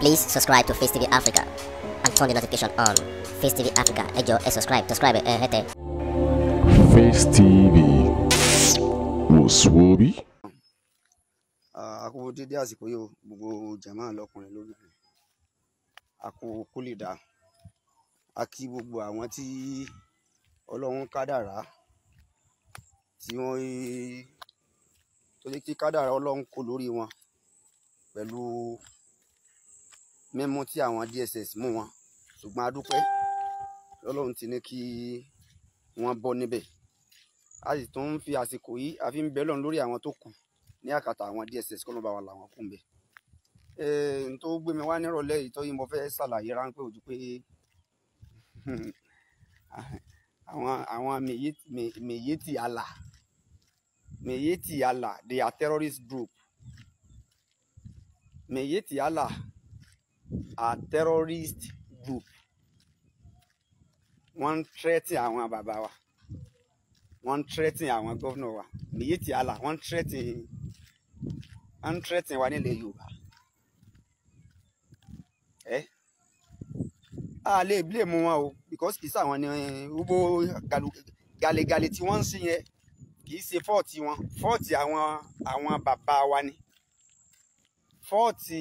Please subscribe to Face TV Africa and turn the notification on. Face TV Africa, ẹ jọ̀ọ́ subscribe, subscribe eh? hẹ́tẹ̀. Face TV wò sùwọ́ bí. Àkókò dédé àsìkò yìí o, gbogbo jàmá lọkùnrin lóbìnrin. Àkókò kó lè dà. A kí gbogbo àwọn tí Ọlọ́run kádàrá tí wọ́n tó lè kí kádàrá Ọlọ́run kó mímú tí àwọn DSS mú wọn ṣùgbọ́n a dúpẹ́ Ọlọ́run ti ní kí wọ́n bọ́ níbẹ̀ a sì tún ń fi àsìkò yìí a fi ń bẹ lọ́run lórí àwọn tó kù ní àkàtà àwọn DSS kọ́ ló bá wà làwọn kù ń bẹ̀. n tó gbé mi wá nírọ̀lẹ́ yìí tó yìí mo fẹ́ ṣàlàyé ráńpẹ́ ojú pé àwọn mèyétì àlà mèyétì àlà they are terrorist group mèyétì àlà a terrorist group wọ́n ń tírẹ́tì àwọn bàbá wa wọ́n ń tírẹ́tì àwọn gọ́vnọ̀ wa nìyí ti àlà wọ́n ń tírẹ́tì wọ́n ń tírẹ́tì wa nílẹ̀ yorùbá ẹ́ a lè blé mu wọn o because kì í sàwọn ni ugbó galegale tí wọ́n ń sìn yẹn kì ṣe fọ́ọ̀tì wọn fọ́ọ̀tì àwọn àwọn bàbá wa ni fọ́ọ̀tì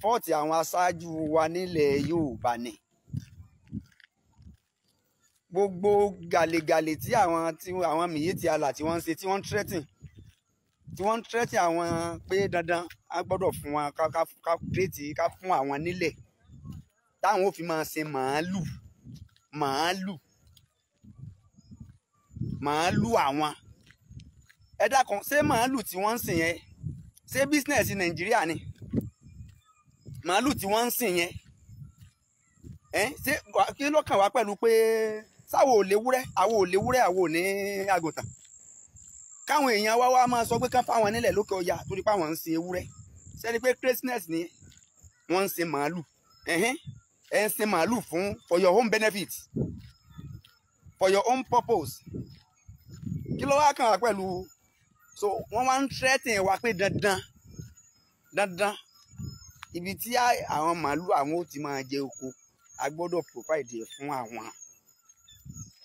fọ́ọ̀tì àwọn aṣáájú wa nílẹ̀ Yorùbá ni gbogbo gàlégàlé tí àwọn tí àwọn Miyetti Allah tí wọ́n ń ṣe tí wọ́n ń threaten tí wọ́n ń threaten àwọn pé dandan á gbọ́dọ̀ fún wọn ká ká ká kírètì ká fún àwọn nílẹ̀ táwọn ò fi máa ṣe màálù màálù màálù àwọn ẹ dákun ṣé màálù tí wọ́n ń sìn yẹn ṣé bísínẹ̀sì Nàìjíríà ni màálù tí wọ́n ń sìn yẹn ẹ ṣé kí ló kàn wá pẹ̀lú pé sáwo ò léwúrẹ́ àwo ò léwúrẹ́ àwo ò ní àgùntàn káwọn èèyàn wá wá máa sọ pé ká fáwọn nílẹ̀ lókè ọya torí pé àwọn ń sin ewúrẹ́ sẹ́ni pé craziness ni wọ́n ń sin màálù ẹ̀hìn ẹ̀ ń sin màálù fún for your own benefit for your own purpose kí ló wá pẹ̀lú so wọ́n wá ń threaten wa pé dandan dandan ibi tí àwọn màálù àwọn ò ti máa jẹ oko a gbọ́dọ̀ provide ẹ̀ fún àwọn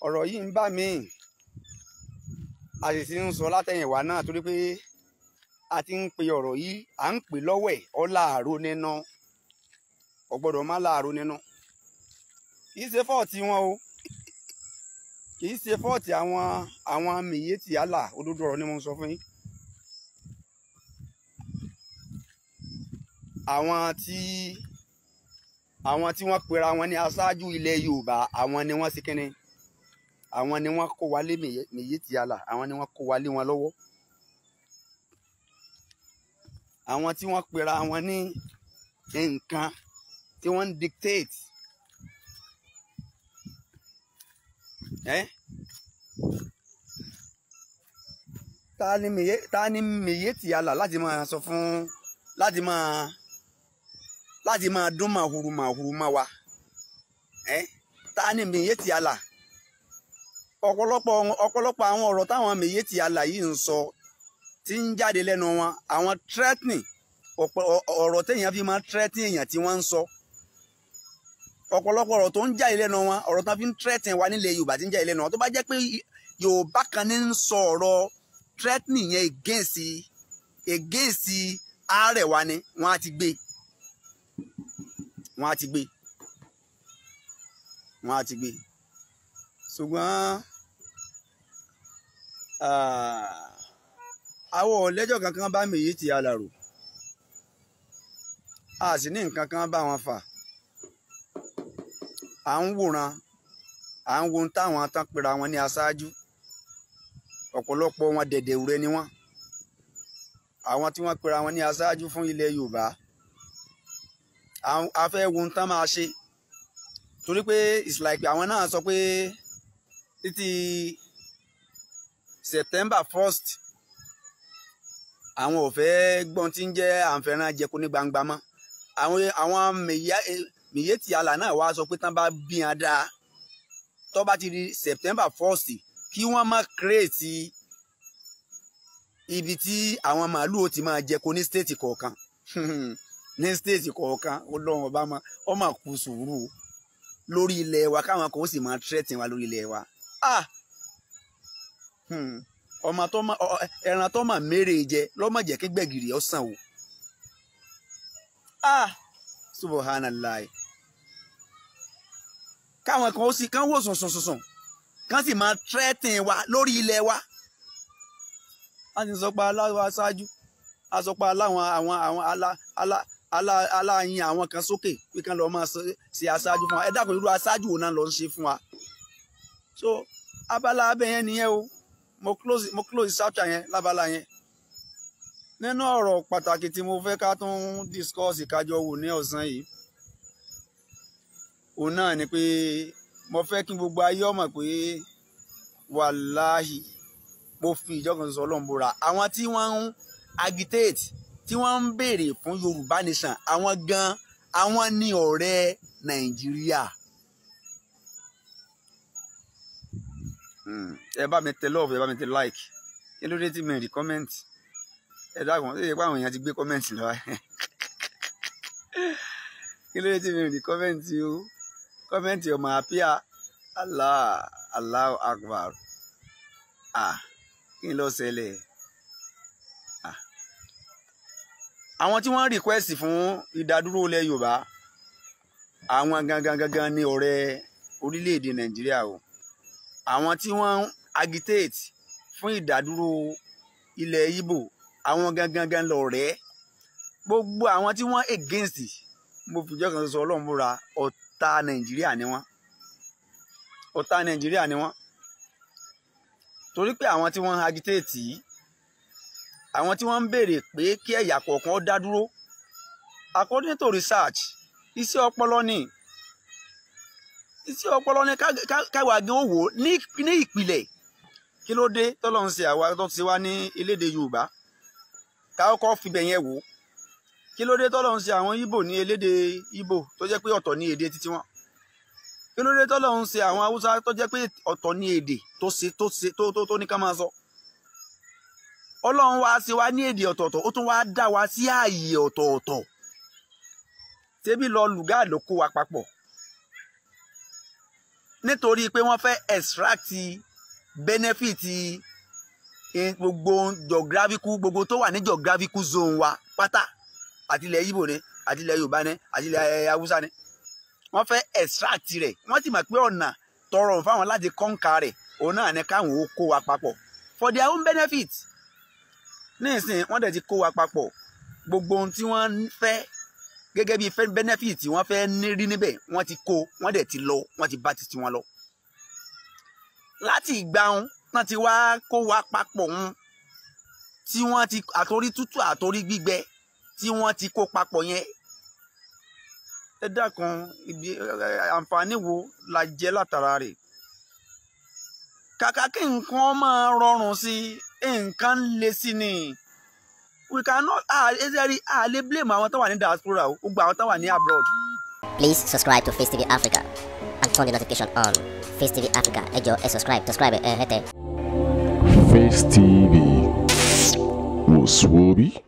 ọ̀rọ̀ yìí ń bà mí a sì ti ń sọ látẹ̀yìnwá náà torí pé a ti ń pe ọ̀rọ̀ yìí à ń pè lọ́wọ́ ẹ̀ ọ́ láàárọ̀ nínú ọ̀gbọ́dọ̀ má láàárọ̀ nínú kì í ṣe fọ́ọ̀tì wọn o kì í ṣe fọ́ọ̀tì àwọn àwọn mìíye tìyálà òdodo ọ̀rọ̀ ni mo ń sọ fún yín àwọn tí àwọn tí wọ́n pera wọn ní aṣáájú ilẹ̀ Yorùbá àwọn ni wọ́n ṣe kínní àwọn ni wọ́n kó wálé Miyetti Allah àwọn ni wọ́n kó wálé wọn lọ́wọ́ àwọn tí wọ́n pera wọn ní nǹkan tí wọ́n ń dictate ẹ́ ta ni Miyetti Allah láti máa sọ fún láti máa láti máa dún màhuru màhuru máa wa ẹ ta ni mèye ti àlà ọ̀pọ̀lọpọ̀ ọ̀pọ̀lọpọ̀ àwọn ọ̀rọ̀ táwọn mèye ti àlà yìí ń sọ ti ń jáde lẹ́nu wọn àwọn threatening ọ̀rọ̀ téèyàn fi máa threatening èèyàn tí wọ́n ń sọ ọ̀pọ̀lọpọ̀ ọ̀rọ̀ tó ń jáde lẹ́nu wọn ọ̀rọ̀ tó fi ń threatening wa nílẹ̀ Yorùbá ti ń jáde lẹ́nu wọn tó bá jẹ́ pé Yorùbá kan ní ń sọ ọ̀rọ̀ threatening yẹn against against ààrẹ wa ni wọ́n á ti gbé e wọ́n á ti gbé wọ́n á ti gbé ṣùgbọ́n àwọn ọ̀lẹ́jọ́ kankan bá mi yìí ti alàrò a sì ní nǹkan kan bá wọn fà à ń wòran à ń wo táwọn atán pera wọn ní aṣáájú ọ̀pọ̀lọpọ̀ wọn dẹ̀dẹ̀ rẹ ni wọ́n àwọn tí wọ́n pera wọn ní aṣáájú fún ilẹ̀ Yorùbá a fẹ́ wo ohun tán máa ṣe torí pé it's like àwọn náà sọ pé títí September first àwọn ò fẹ́ gbọ́n tí ń jẹ́ àǹfẹ̀ràn jẹko ní gbangba mọ́ àwọn àwọn mèyétì àlà náà wá sọ pé tán bá bí wọn dáa tó bá ti di September first kí wọ́n má kírètì ibi tí àwọn màálù ó ti máa jẹko ní stéètì kọ̀ọ̀kan ní stéètì kọ̀ọ̀kan ó lọ́wọ́n ọ ma ọ máa kú sùúrù lórí ilẹ̀ wa káwọn kan ó sì máa wa lórí ilẹ̀ wa ah! hmm. ọmọ tó ma ẹran tó ma mèrè jẹ lọ́mọ jẹ́ kí gbẹ̀gìrì ọ̀sán o ah! subhanallah káwọn kan ó sì kán wò kán sì máa wa lórí ilẹ̀ wa a sọ pé aṣáájú a sọ pé àwọn àwọn aláyin àwọn kan sókè pé kán lọ́ọ́ máa ṣe aṣáájú fún wa ẹ dákun irú aṣáájú wo náà lọ́ọ́ ń ṣe fún wa. so abala abẹ yẹn nìyẹn o mo close mo close chapter yẹn lábala yẹn. nínú ọ̀rọ̀ pàtàkì tí mo fẹ́ ká tún discuss ìkájọ wò ní ọ̀sán yìí òun náà ni pé mo fẹ́ kí gbogbo ayé ọmọ pé wàláhì mo fi ìjọkàn sọ ọlọ́run bóra àwọn tí wọ́n ń agitate tí wọ́n ń béèrè fún Yorùbá nation àwọn gan àwọn ni ọ̀rẹ́ Nàìjíríà. Hmm, ẹ bá mi tẹ love ẹ bá mi tẹ like kí ló dé tí mi rí comment ẹ dákun ṣe é pé àwọn èèyàn ti gbé comment lọ kí ló dé tí mi rí comment o comment ọmọ àpíà Allah Allah akbar ah kí n lọ ṣẹlẹ̀. àwọn tí wọ́n request fún ìdádúró ilẹ̀ yorùbá àwọn gangan gangan ní ọ̀rẹ́ orílẹ̀-èdè nàìjíríà o àwọn tí wọ́n agitate fún ìdádúró ilẹ̀ ibo àwọn gangan gangan lọ̀rẹ́ gbogbo àwọn tí wọ́n against mo fìjọ́ kan sọ ọlọ́run múra ọ̀tá nàìjíríà ni wọ́n ọ̀tá nàìjíríà ni wọ́n torí pé àwọn tí wọ́n agitate yìí àwọn tí wọ́n ń béèrè pé kí ẹ̀yà kọ̀ọ̀kan ó dá dúró according to research iṣẹ́ ọpọlọ ni iṣẹ́ ọpọlọ ni káwa gan wò ní ìpìlẹ̀ kí ló dé tọ́lọ́run ṣe àwa tó ti wá ní elédè Yorùbá káwọ́kọ́ fibẹ̀ yẹn wò kí ló dé tọ́lọ́run ṣe àwọn Ìgbò ní elédè Ìgbò tó jẹ́ pé ọ̀tọ̀ ní èdè títí wọn kí ló dé tọ́lọ́run ṣe àwọn Haúsá tó jẹ́ pé ọ̀tọ̀ ní èdè tó ní ká máa sọ. ọlọ́run wá sí wa ní èdè ọ̀tọ̀ọ̀tọ̀ ó tún wá dá wa sí ààyè ọ̀tọ̀ọ̀tọ̀ tẹ́bí lọ lùgá ló kó wa papọ̀ nítorí pé wọ́n fẹ́ extract benefit gbogbo geographical gbogbo tó wà ní geographical zone wa pátá àti ilẹ̀ ni àti ilẹ̀ ni àti ilẹ̀ eh, ni wọ́n fẹ́ extract rẹ̀ wọ́n mọ̀ pé ọ̀nà tọrọ fáwọn láti kọ́ńkà rẹ̀ òun náà ni káwọn ó kó wa papọ̀ nísìnyí wọ́n dẹ̀ ti kó wa papọ̀ gbogbo ohun tí wọ́n fẹ́ gẹ́gẹ́ bí benefit wọ́n fẹ́ nírí níbẹ̀ wọ́n ti kó wọ́n dẹ̀ ti lọ wọ́n ti bá ti tiwọn lọ. láti ìgbà wọn tán ti wá kó wa papọ̀ wọn tí wọ́n ti àtorí tútù àtorí gbígbẹ tí wọ́n ti kó papọ̀ yẹn ẹ dákun ibi àǹfààní wo la jẹ látara rẹ̀ kàkà kí nǹkan máa rọrùn sí i nǹkan le sí ni we cannot ezeri a lè blame àwọn tó wà ní diaspora o gbogbo àwọn tó wà ní abroad. please subscribe to Face TV Africa and turn the notification on Face TV Africa ẹ jọ̀ọ́ ẹ subscribe subscribe ẹ hẹtẹ. Face TV wò sùn orí.